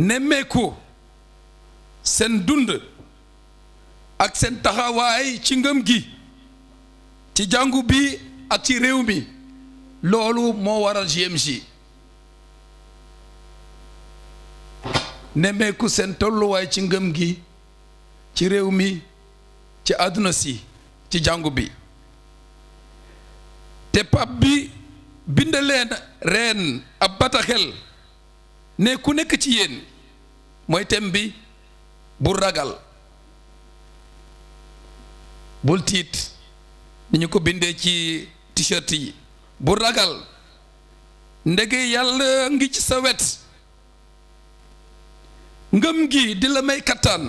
nemmeeku seen dund ak seen taxawaay ci ngëm gi ci jàngu bi ak ci réew mi loolu moo waral JMJ nemmeeku seen tolluwaay ci ngëm gi ci réew mi ci àdduna si ci jàngu bi te pap bi bind leen reen ab bataxel ne ku nekk ci yéen mooy thème bi bul ragal bul tiit ni ñu ko bindee ci t-shirt yi bul ragal ndege yàlla ngi ci sa wet ngëm gi di la may kattan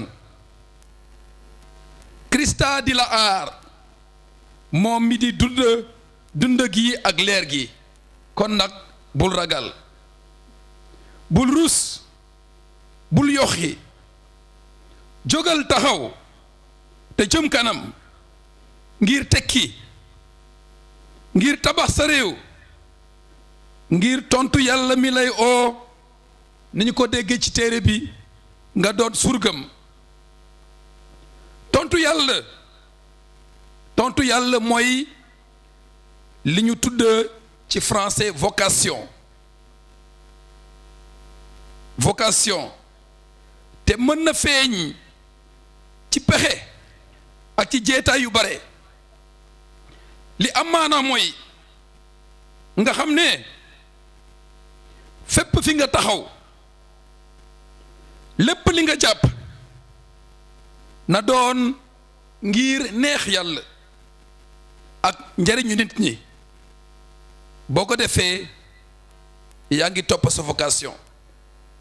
Krista di la aar moom mi di dund dund gi ak leer gi kon nag bul ragal bul ruus bul yoxi jógal taxaw te jëm kanam ngir tekki ngir tabax sa réew ngir tontu yàlla mi lay oo ni ñu ko déggee ci téere bi nga doon surgam tontu yàlla tontu yàlla mooy li ñu tudd ci français vocation vocation te mën na feeñ ci pexe ak ci jeetaay yu bare li am maanaam mooy nga xam ne fépp fi nga taxaw lépp li nga jàpp na doon ngir neex yàlla ak njariñu nit ñi boo ko defee yaa ngi topp sa vocation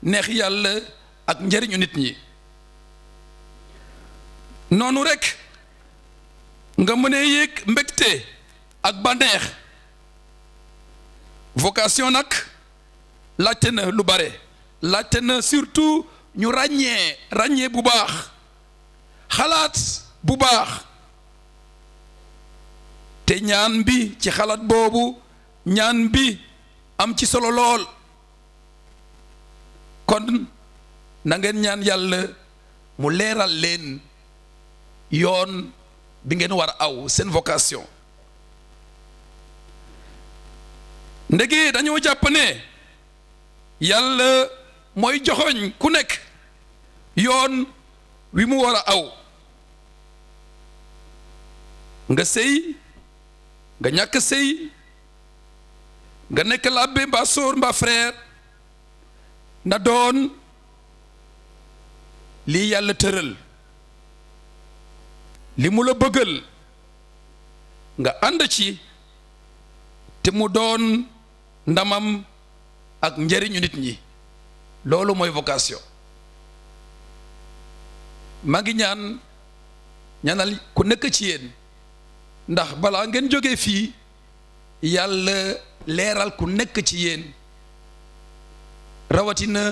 neex yàlla ak njariñu nit ñi noonu rekk nga mënee yéeg mbégte ak bànneex vocation nag laajte na lu bare laajte na surtout ñu ràññee ràññee bu baax xalaat bu baax te ñaan bi ci xalaat boobu ñaan bi am ci solo lool kon nangeen ñaan yàlla mu leeral leen yoon bi ngeen war a aw seen vocation ndege dañoo jàpp ne yàlla mooy joxoñ ku nekk yoon wi mu war a aw nga sëy nga ñàkk sey nga nekk labbe mbaa soor mba frère na doon lii yàlla tëral li mu la bëggal nga ànd ci te mu doon ndamam ak njëriñu nit ñi loolu mooy vocation maa ngi ñaan ñaanal ku nekk ci yéen ndax balaa ngeen jóge fii yàlla leeral ku nekk ci yéen rawatina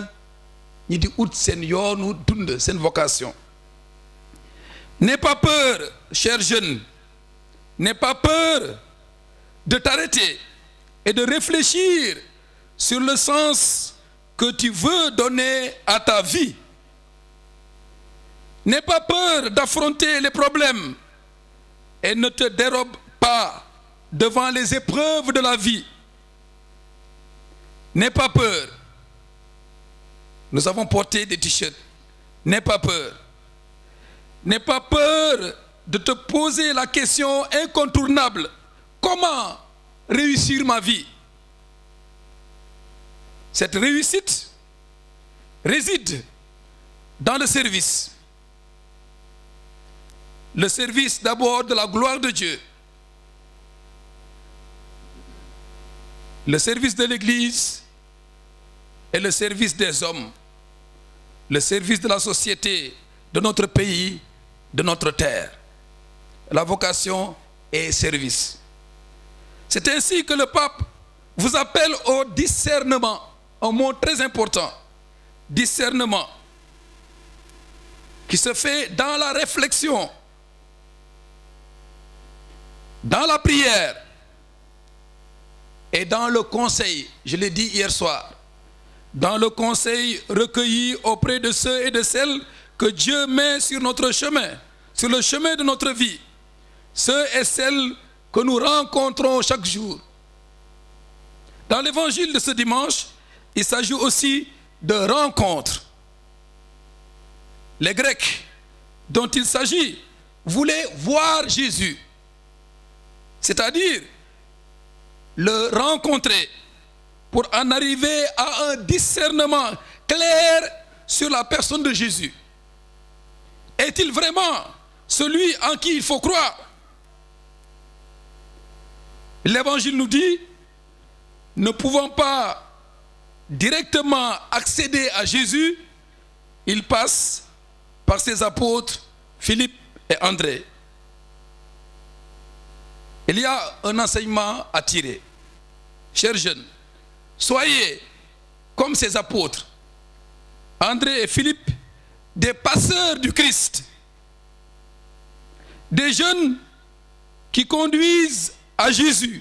Ni de que vocation n'aie pas peur cher jeune n'aie pas peur de t'arrêter et de réfléchir sur le sens que tu veux donner à ta vie n'aie pas peur d'affronter les problèmes et ne te dérobe pas devant les épreuves de la vie n'aie pas peur nous avons porté des t-shirts. N'aie pas peur. N'aie pas peur de te poser la question incontournable. Comment réussir ma vie Cette réussite réside dans le service. Le service d'abord de la gloire de Dieu. Le service de l'Église et le service des hommes le service de la société, de notre pays, de notre terre. La vocation est service. C'est ainsi que le pape vous appelle au discernement, un mot très important, discernement, qui se fait dans la réflexion, dans la prière et dans le conseil. Je l'ai dit hier soir dans le conseil recueilli auprès de ceux et de celles que Dieu met sur notre chemin, sur le chemin de notre vie, ceux et celles que nous rencontrons chaque jour. Dans l'évangile de ce dimanche, il s'agit aussi de rencontres. Les Grecs dont il s'agit voulaient voir Jésus, c'est-à-dire le rencontrer, pour en arriver à un discernement clair sur la personne de Jésus. Est-il vraiment celui en qui il faut croire L'évangile nous dit, ne pouvant pas directement accéder à Jésus, il passe par ses apôtres Philippe et André. Il y a un enseignement à tirer. Chers jeunes, Soyez comme ces apôtres, André et Philippe, des passeurs du Christ, des jeunes qui conduisent à Jésus.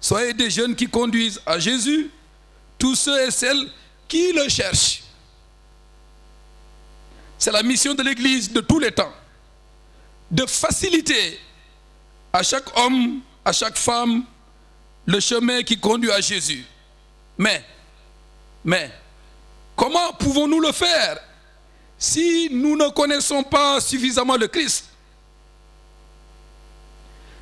Soyez des jeunes qui conduisent à Jésus, tous ceux et celles qui le cherchent. C'est la mission de l'Église de tous les temps, de faciliter à chaque homme, à chaque femme, le chemin qui conduit à Jésus. Mais, mais, comment pouvons-nous le faire si nous ne connaissons pas suffisamment le Christ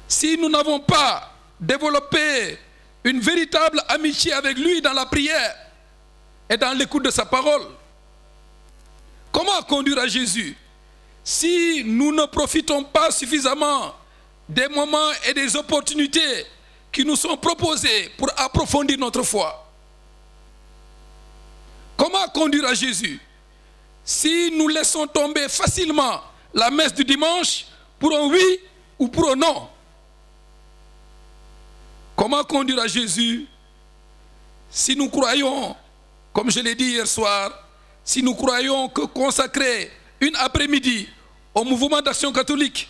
Si nous n'avons pas développé une véritable amitié avec lui dans la prière et dans l'écoute de sa parole Comment conduire à Jésus si nous ne profitons pas suffisamment des moments et des opportunités qui nous sont proposés pour approfondir notre foi conduire à Jésus. Si nous laissons tomber facilement la messe du dimanche pour un oui ou pour un non, comment conduire à Jésus si nous croyons, comme je l'ai dit hier soir, si nous croyons que consacrer une après-midi au mouvement d'action catholique,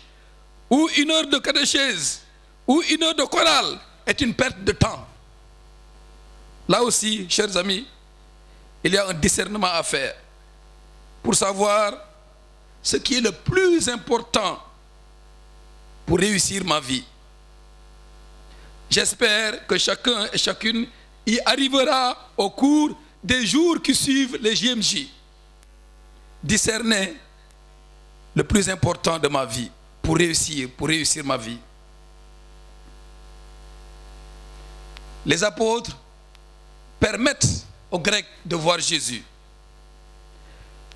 ou une heure de catéchèse, ou une heure de chorale, est une perte de temps. Là aussi, chers amis, il y a un discernement à faire pour savoir ce qui est le plus important pour réussir ma vie. J'espère que chacun et chacune y arrivera au cours des jours qui suivent les JMJ. Discerner le plus important de ma vie pour réussir, pour réussir ma vie. Les apôtres permettent grec de voir Jésus.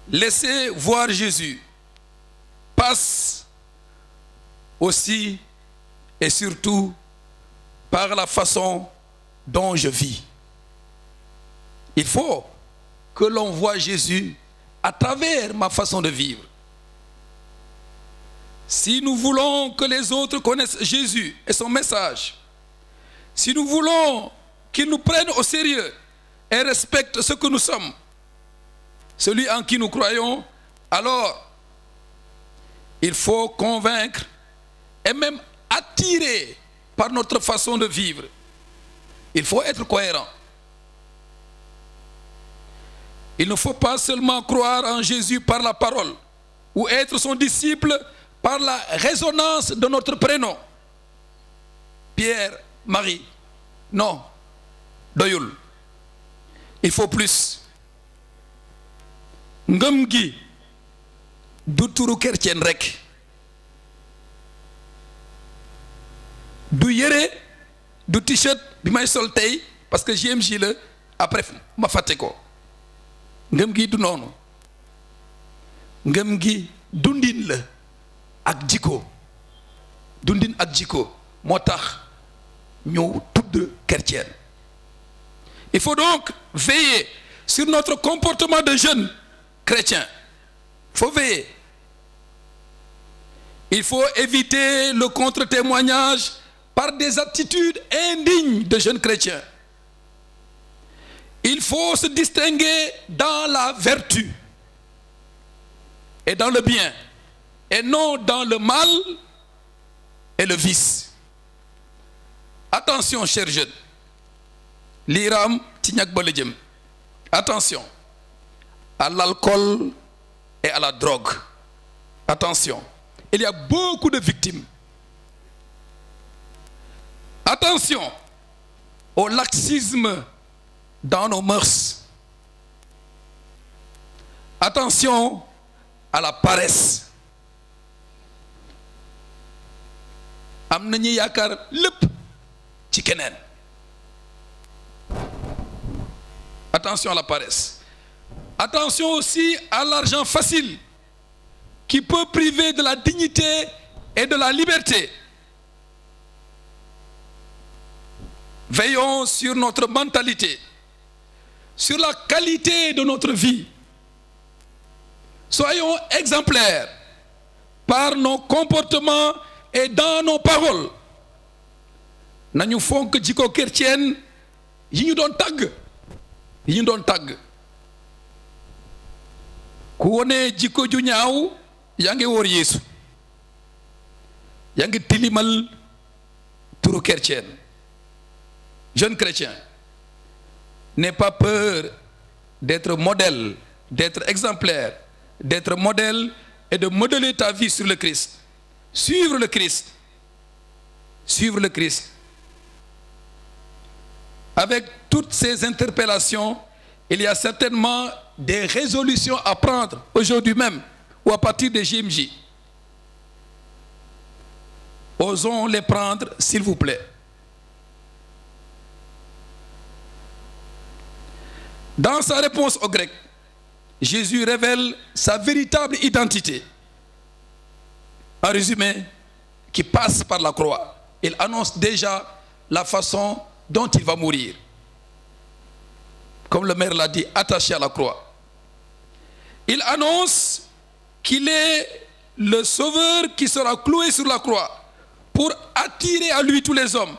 Laisser voir Jésus passe aussi et surtout par la façon dont je vis. Il faut que l'on voit Jésus à travers ma façon de vivre. Si nous voulons que les autres connaissent Jésus et son message, si nous voulons qu'ils nous prennent au sérieux, et respecte ce que nous sommes, celui en qui nous croyons, alors il faut convaincre et même attirer par notre façon de vivre. Il faut être cohérent. Il ne faut pas seulement croire en Jésus par la parole ou être son disciple par la résonance de notre prénom. Pierre, Marie, non, Doyoul il faut plus ngëm gi du rek. chrétien rekk du yere du t-shirt bi may sol tey parce que j'aime la après ma fàtte ko ngëm du dundin la ak jikko dundin ak jikko moo tax tudd chrétien il faut donc veiller sur notre comportement de jeunes chrétiens. Il faut veiller. Il faut éviter le contre-témoignage par des attitudes indignes de jeunes chrétiens. Il faut se distinguer dans la vertu et dans le bien et non dans le mal et le vice. Attention, chers jeunes. L'iram attention à l'alcool et à la drogue attention il y a beaucoup de victimes attention au laxisme dans nos mœurs attention à la paresse Attention à la paresse. Attention aussi à l'argent facile qui peut priver de la dignité et de la liberté. Veillons sur notre mentalité, sur la qualité de notre vie. Soyons exemplaires par nos comportements et dans nos paroles. Nañu fonk jiko chrétienne tilimal turu chrétien jeune chrétien n'aie pas peur d'être modèle d'être exemplaire d'être modèle et de modeler ta vie sur le Christ suivre le Christ suivre le Christ avec toutes ces interpellations, il y a certainement des résolutions à prendre aujourd'hui même ou à partir de JMJ. Osons les prendre, s'il vous plaît. Dans sa réponse au grec, Jésus révèle sa véritable identité. En résumé, qui passe par la croix. Il annonce déjà la façon dont il va mourir. Comme le maire l'a dit, attaché à la croix. Il annonce qu'il est le sauveur qui sera cloué sur la croix pour attirer à lui tous les hommes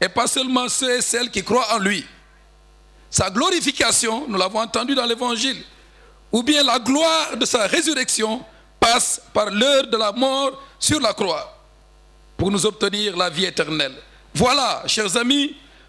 et pas seulement ceux et celles qui croient en lui. Sa glorification, nous l'avons entendu dans l'évangile, ou bien la gloire de sa résurrection passe par l'heure de la mort sur la croix pour nous obtenir la vie éternelle. Voilà, chers amis,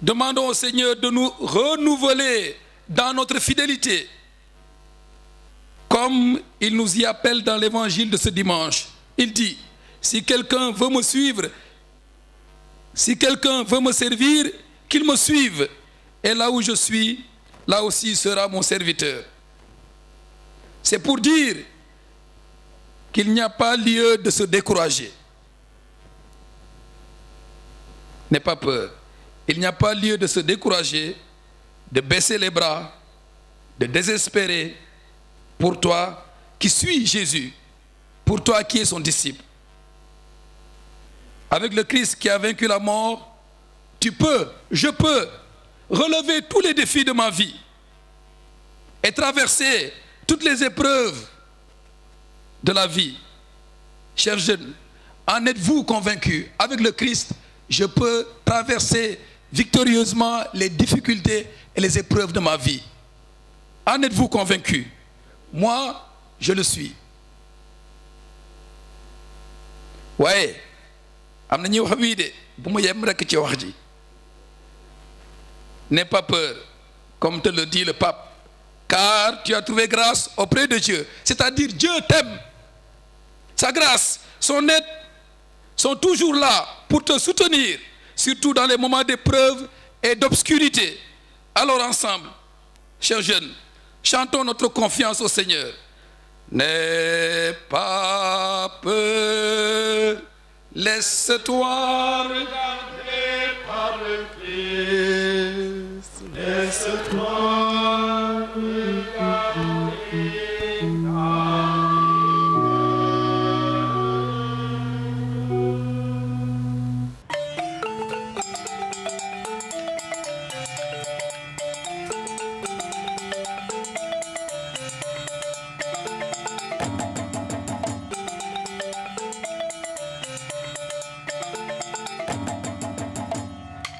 Demandons au Seigneur de nous renouveler dans notre fidélité, comme il nous y appelle dans l'évangile de ce dimanche. Il dit, si quelqu'un veut me suivre, si quelqu'un veut me servir, qu'il me suive. Et là où je suis, là aussi sera mon serviteur. C'est pour dire qu'il n'y a pas lieu de se décourager. N'aie pas peur il n'y a pas lieu de se décourager, de baisser les bras, de désespérer pour toi qui suis Jésus, pour toi qui es son disciple. Avec le Christ qui a vaincu la mort, tu peux, je peux relever tous les défis de ma vie et traverser toutes les épreuves de la vie. Chers jeunes, en êtes-vous convaincus Avec le Christ, je peux traverser victorieusement les difficultés et les épreuves de ma vie. En êtes-vous convaincu Moi, je le suis. Oui, n'aie pas peur comme te le dit le pape car tu as trouvé grâce auprès de Dieu c'est-à-dire Dieu t'aime sa grâce son aide sont toujours là pour te soutenir surtout dans les moments d'épreuve et d'obscurité. Alors ensemble, chers jeunes, chantons notre confiance au Seigneur. N'aie pas peur, laisse-toi regarder par le Christ, laisse-toi